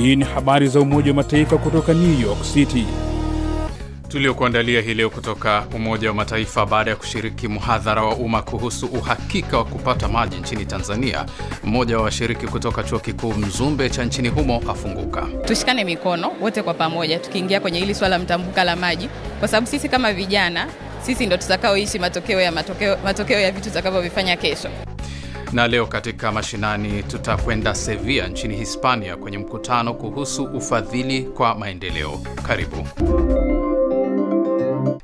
Hii ni habari za Umoja wa Mataifa kutoka New York City tuliokuandalia hii leo kutoka Umoja wa Mataifa. Baada ya kushiriki mhadhara wa umma kuhusu uhakika wa kupata maji nchini Tanzania, mmoja wa washiriki kutoka chuo kikuu Mzumbe cha nchini humo afunguka. Tushikane mikono wote kwa pamoja, tukiingia kwenye hili swala mtambuka la maji, kwa sababu sisi kama vijana, sisi ndo tutakaoishi matokeo ya matokeo, matokeo ya vitu tutakavyovifanya kesho. Na leo katika mashinani tutakwenda Sevilla nchini Hispania kwenye mkutano kuhusu ufadhili kwa maendeleo. Karibu.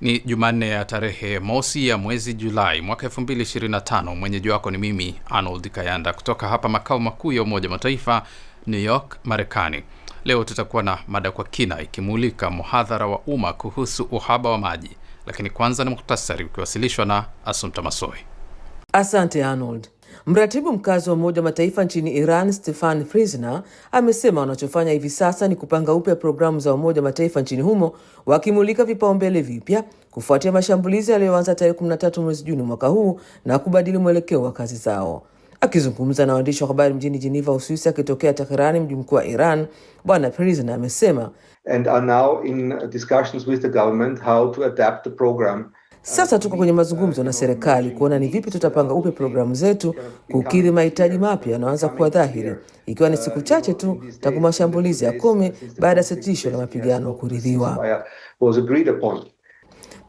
Ni Jumanne ya tarehe mosi ya mwezi Julai mwaka 2025. Mwenyeji wako ni mimi Arnold Kayanda kutoka hapa makao makuu ya Umoja Mataifa, New York, Marekani. Leo tutakuwa na mada kwa kina ikimulika muhadhara wa umma kuhusu uhaba wa maji, lakini kwanza ni muhtasari ukiwasilishwa na Asumta Masoi. Asante Arnold. Mratibu mkazi wa Umoja wa Mataifa nchini Iran, Stefan Frizner, amesema wanachofanya hivi sasa ni kupanga upya programu za Umoja wa Mataifa nchini humo, wakimulika vipaumbele vipya kufuatia mashambulizi yaliyoanza tarehe 13 mwezi Juni mwaka huu na kubadili mwelekeo wa kazi zao. Akizungumza na waandishi wa habari mjini jeneva Uswisi, akitokea Teherani, mji mkuu wa Iran, Bwana Frizner amesema And are now in discussions with the government how to adapt the program sasa tuko kwenye mazungumzo na serikali kuona ni vipi tutapanga upya programu zetu kukidhi mahitaji mapya yanaanza kuwa dhahiri, ikiwa ni siku chache tu tangu mashambulizi ya kumi baada ya sitisho la mapigano kuridhiwa.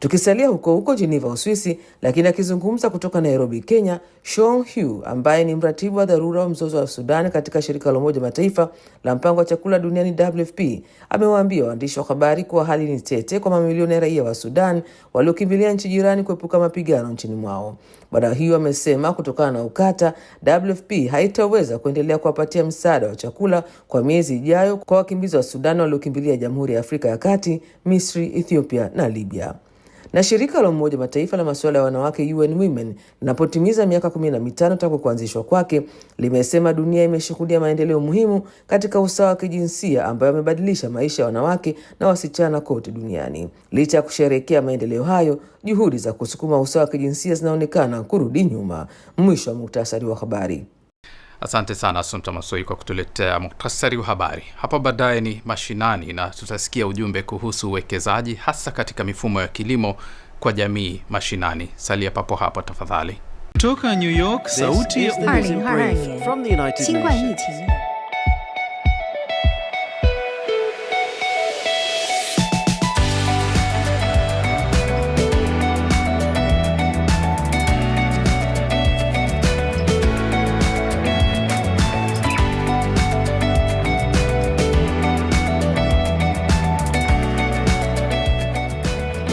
Tukisalia huko huko Geneva, Uswisi, lakini akizungumza kutoka Nairobi, Kenya, Shon Hu ambaye ni mratibu wa dharura wa mzozo wa Sudan katika shirika la Umoja Mataifa la mpango wa chakula duniani WFP amewaambia waandishi wa habari kuwa hali ni tete kwa mamilioni ya raia wa Sudan waliokimbilia nchi jirani kuepuka mapigano nchini mwao. Bwana Hu amesema kutokana na ukata, WFP haitaweza kuendelea kuwapatia msaada wa chakula kwa miezi ijayo kwa wakimbizi wa Sudan waliokimbilia Jamhuri ya Afrika ya Kati, Misri, Ethiopia na Libya. Na shirika la Umoja Mataifa la masuala ya wanawake UN Women linapotimiza miaka kumi na mitano tangu kuanzishwa kwake, limesema dunia imeshuhudia maendeleo muhimu katika usawa wa kijinsia ambayo yamebadilisha maisha ya wanawake na wasichana kote duniani. Licha ya kusherehekea maendeleo hayo, juhudi za kusukuma usawa wa kijinsia zinaonekana kurudi nyuma. Mwisho wa muktasari wa habari. Asante sana Asumta Masoi kwa kutuletea muktasari wa habari. Hapo baadaye ni mashinani, na tutasikia ujumbe kuhusu uwekezaji hasa katika mifumo ya kilimo kwa jamii mashinani. Salia papo hapo tafadhali. Toka New York, sauti ya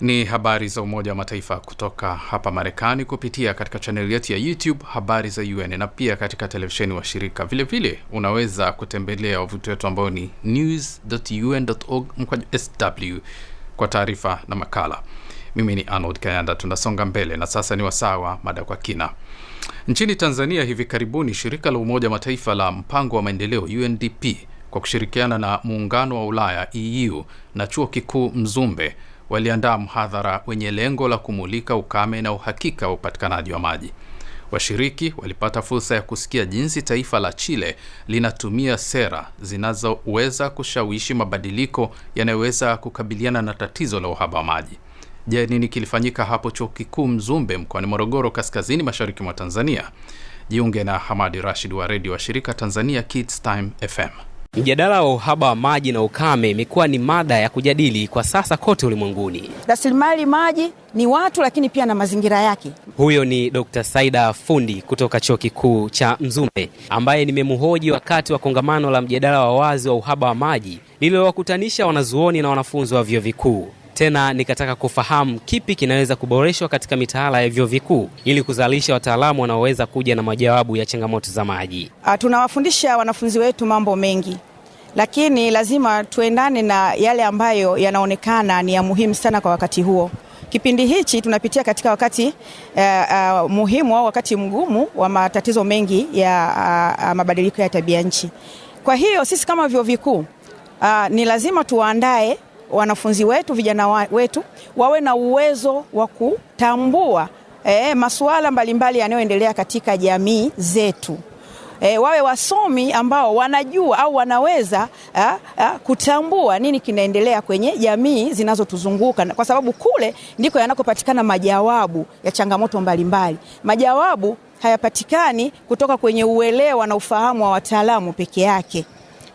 Ni habari za Umoja wa Mataifa kutoka hapa Marekani kupitia katika chaneli yetu ya YouTube Habari za UN na pia katika televisheni wa shirika. Vilevile vile, unaweza kutembelea wavuti wetu ambao ni news.un.org sw kwa taarifa na makala. Mimi ni Arnold Kayanda, tunasonga mbele na sasa ni wasaa wa mada kwa kina. Nchini Tanzania hivi karibuni shirika la Umoja wa Mataifa la mpango wa maendeleo UNDP kwa kushirikiana na muungano wa Ulaya EU na chuo kikuu Mzumbe waliandaa mhadhara wenye lengo la kumulika ukame na uhakika wa upatikanaji wa maji. Washiriki walipata fursa ya kusikia jinsi taifa la Chile linatumia sera zinazoweza kushawishi mabadiliko yanayoweza kukabiliana na tatizo la uhaba wa maji. Je, nini kilifanyika hapo Chuo Kikuu Mzumbe mkoani Morogoro, kaskazini mashariki mwa Tanzania? Jiunge na Hamadi Rashid wa redio wa shirika Tanzania Kids Time FM. Mjadala wa uhaba wa maji na ukame imekuwa ni mada ya kujadili kwa sasa kote ulimwenguni. Rasilimali maji ni watu, lakini pia na mazingira yake. Huyo ni Dr. Saida Fundi kutoka Chuo Kikuu cha Mzumbe ambaye nimemhoji wakati wa kongamano la mjadala wa wazi wa uhaba wa maji lililowakutanisha wanazuoni na wanafunzi wa vyuo vikuu tena nikataka kufahamu kipi kinaweza kuboreshwa katika mitaala ya vyuo vikuu ili kuzalisha wataalamu wanaoweza kuja na majawabu ya changamoto za maji. Ah, tunawafundisha wanafunzi wetu mambo mengi, lakini lazima tuendane na yale ambayo yanaonekana ni ya muhimu sana kwa wakati huo. Kipindi hichi tunapitia katika wakati uh, uh, muhimu au wakati mgumu wa matatizo mengi ya uh, mabadiliko ya tabia nchi. Kwa hiyo sisi kama vyuo vikuu uh, ni lazima tuwaandae wanafunzi wetu, vijana wetu wawe na uwezo wa kutambua e, masuala mbalimbali yanayoendelea katika jamii zetu. E, wawe wasomi ambao wanajua au wanaweza a, ah, a, ah, kutambua nini kinaendelea kwenye jamii zinazotuzunguka, kwa sababu kule ndiko yanakopatikana majawabu ya changamoto mbalimbali. Majawabu hayapatikani kutoka kwenye uelewa na ufahamu wa wataalamu peke yake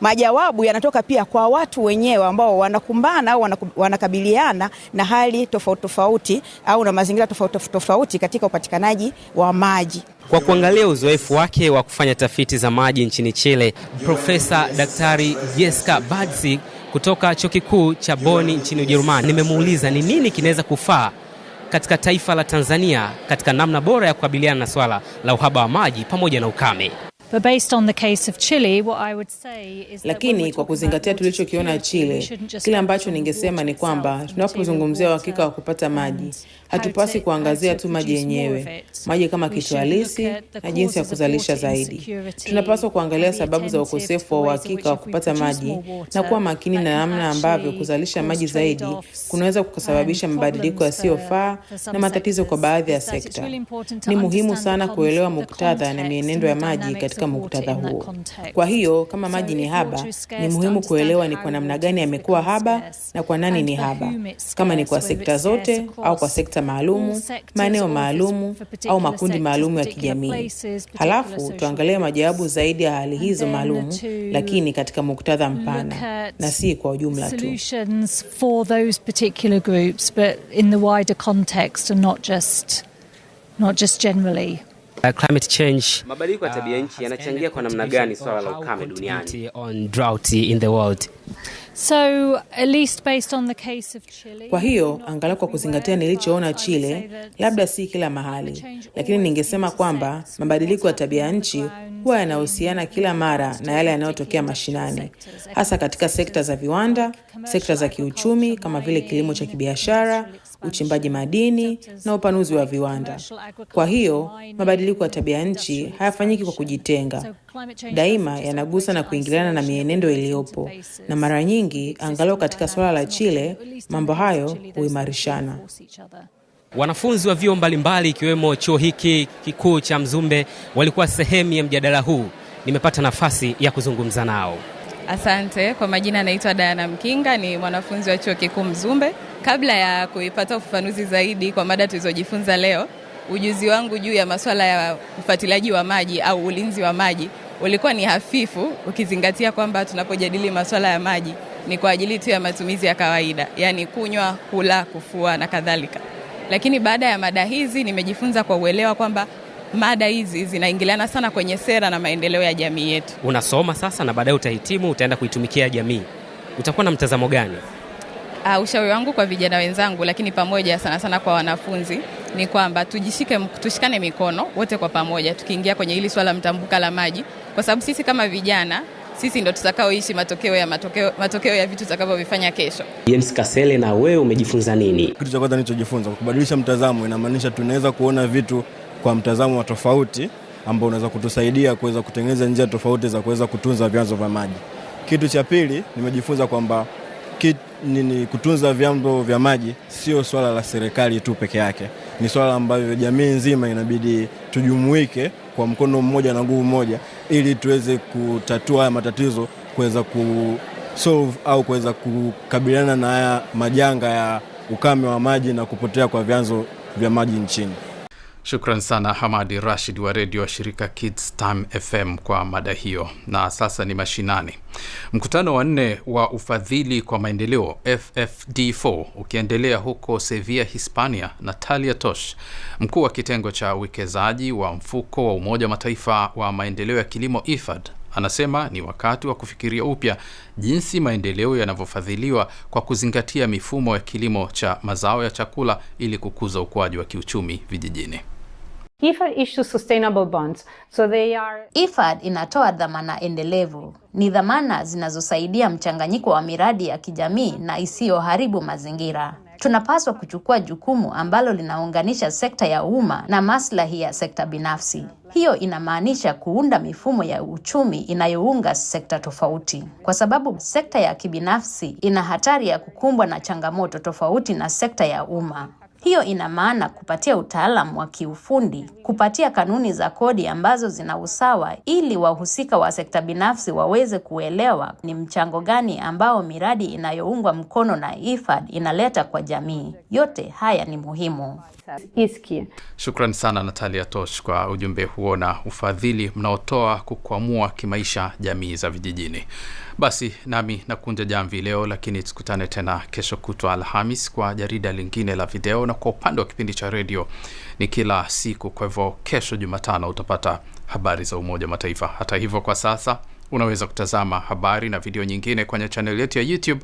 majawabu yanatoka pia kwa watu wenyewe ambao wanakumbana au wanakabiliana na hali tofauti tofauti au na mazingira tofauti tofauti katika upatikanaji wa maji. Kwa kuangalia uzoefu wake wa kufanya tafiti za maji nchini Chile, Profesa Daktari Jeska Badzi kutoka Chuo Kikuu cha Boni nchini Ujerumani, nimemuuliza ni nini kinaweza kufaa katika taifa la Tanzania katika namna bora ya kukabiliana na swala la uhaba wa maji pamoja na ukame. Lakini kwa kuzingatia tulichokiona Chile, kile ambacho ningesema ni kwamba tunapozungumzia uhakika wa kupata maji Hatupasi kuangazia tu maji yenyewe, maji kama kitu halisi na jinsi ya kuzalisha zaidi. Tunapaswa kuangalia sababu za ukosefu wa uhakika wa kupata maji na kuwa makini na namna ambavyo kuzalisha maji zaidi kunaweza kukasababisha mabadiliko yasiyofaa na matatizo kwa baadhi ya sekta. Ni muhimu sana kuelewa muktadha na mienendo ya maji katika muktadha huo. Kwa hiyo, kama maji ni haba, ni muhimu kuelewa ni kwa namna gani yamekuwa haba na kwa nani ni haba, kama ni kwa sekta zote au kwa sekta sekta maalumu, maeneo maalumu au makundi maalumu ya kijamii. Halafu tuangalie majawabu zaidi ya hali hizo maalum, lakini katika muktadha mpana na si kwa ujumla tu. Uh, mabadiliko ya uh, tabia nchi yanachangia kwa namna gani swala la ukame duniani? So, at least based on the case of Chile, kwa hiyo angalau kwa kuzingatia nilichoona Chile, labda si kila mahali, lakini ningesema kwamba mabadiliko ya tabia ya nchi huwa yanahusiana kila mara na yale yanayotokea mashinani, hasa katika sekta za viwanda, sekta za kiuchumi kama vile kilimo cha kibiashara, uchimbaji madini na upanuzi wa viwanda. Kwa hiyo mabadiliko ya tabia nchi hayafanyiki kwa kujitenga, daima yanagusa na kuingiliana na mienendo iliyopo, na mara nyingi, angalau katika suala la Chile, mambo hayo huimarishana. Wanafunzi wa vyuo mbalimbali ikiwemo chuo hiki kikuu cha Mzumbe walikuwa sehemu ya mjadala huu. Nimepata nafasi ya kuzungumza nao. Asante. Kwa majina anaitwa dayana Mkinga, ni mwanafunzi wa chuo kikuu Mzumbe. Kabla ya kuipata ufafanuzi zaidi kwa mada tulizojifunza leo, ujuzi wangu juu ya maswala ya ufuatiliaji wa maji au ulinzi wa maji ulikuwa ni hafifu ukizingatia kwamba tunapojadili masuala ya maji ni kwa ajili tu ya matumizi ya kawaida, yaani kunywa, kula, kufua na kadhalika. Lakini baada ya mada hizi nimejifunza kwa uelewa kwamba mada hizi zinaingiliana sana kwenye sera na maendeleo ya jamii yetu. Unasoma sasa na baadaye utahitimu, utaenda kuitumikia jamii, utakuwa na mtazamo gani? Uh, ushauri wangu kwa vijana wenzangu, lakini pamoja sana sana kwa wanafunzi ni kwamba tujishike, tushikane mikono wote kwa pamoja, tukiingia kwenye hili swala mtambuka la maji, kwa sababu sisi kama vijana sisi ndo tutakaoishi matokeo ya matokeo, matokeo ya vitu tutakavyovifanya kesho. James Kasele, na wewe umejifunza nini? Kitu cha kwanza nilichojifunza kubadilisha mtazamo, inamaanisha tunaweza kuona vitu kwa mtazamo wa tofauti ambao unaweza kutusaidia kuweza kutengeneza njia tofauti za kuweza kutunza vyanzo vya maji. Kitu cha pili nimejifunza kwamba kit, nini, kutunza vyanzo vya maji sio swala la serikali tu peke yake ni swala ambayo jamii nzima inabidi tujumuike kwa mkono mmoja na nguvu moja, ili tuweze kutatua haya matatizo, kuweza kusolve au kuweza kukabiliana na haya majanga ya ukame wa maji na kupotea kwa vyanzo vya maji nchini. Shukran sana Hamadi Rashid wa redio wa shirika Kids Time FM kwa mada hiyo. Na sasa ni mashinani. Mkutano wa nne wa ufadhili kwa maendeleo FFD4 ukiendelea huko Sevilla, Hispania, Natalia Tosh, mkuu wa kitengo cha uwekezaji wa mfuko wa Umoja wa Mataifa wa maendeleo ya kilimo IFAD Anasema ni wakati wa kufikiria upya jinsi maendeleo yanavyofadhiliwa kwa kuzingatia mifumo ya kilimo cha mazao ya chakula ili kukuza ukuaji wa kiuchumi vijijini. IFAD So inatoa dhamana endelevu. Ni dhamana zinazosaidia mchanganyiko wa miradi ya kijamii na isiyoharibu mazingira. Tunapaswa kuchukua jukumu ambalo linaunganisha sekta ya umma na maslahi ya sekta binafsi. Hiyo inamaanisha kuunda mifumo ya uchumi inayounga sekta tofauti, kwa sababu sekta ya kibinafsi ina hatari ya kukumbwa na changamoto tofauti na sekta ya umma. Hiyo ina maana kupatia utaalamu wa kiufundi, kupatia kanuni za kodi ambazo zina usawa, ili wahusika wa sekta binafsi waweze kuelewa ni mchango gani ambao miradi inayoungwa mkono na IFAD inaleta kwa jamii. Yote haya ni muhimu. Shukrani sana Natalia Tosh kwa ujumbe huo na ufadhili mnaotoa kukwamua kimaisha jamii za vijijini. Basi nami nakunja jamvi leo, lakini tukutane tena kesho kutwa Alhamis kwa jarida lingine la video na kwa upande wa kipindi cha redio ni kila siku. Kwa hivyo kesho Jumatano utapata habari za Umoja wa Mataifa. Hata hivyo, kwa sasa unaweza kutazama habari na video nyingine kwenye chaneli yetu ya YouTube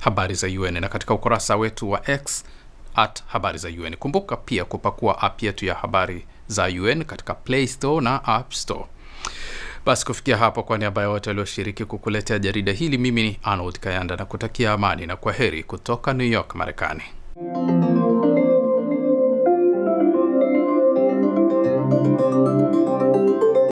habari za UN na katika ukurasa wetu wa X at habari za UN. Kumbuka pia kupakua app yetu ya habari za UN katika Play Store na App Store. Basi kufikia hapo, kwa niaba ya wote walioshiriki kukuletea jarida hili, mimi ni Arnold Kayanda na kutakia amani na kwa heri kutoka New York, Marekani.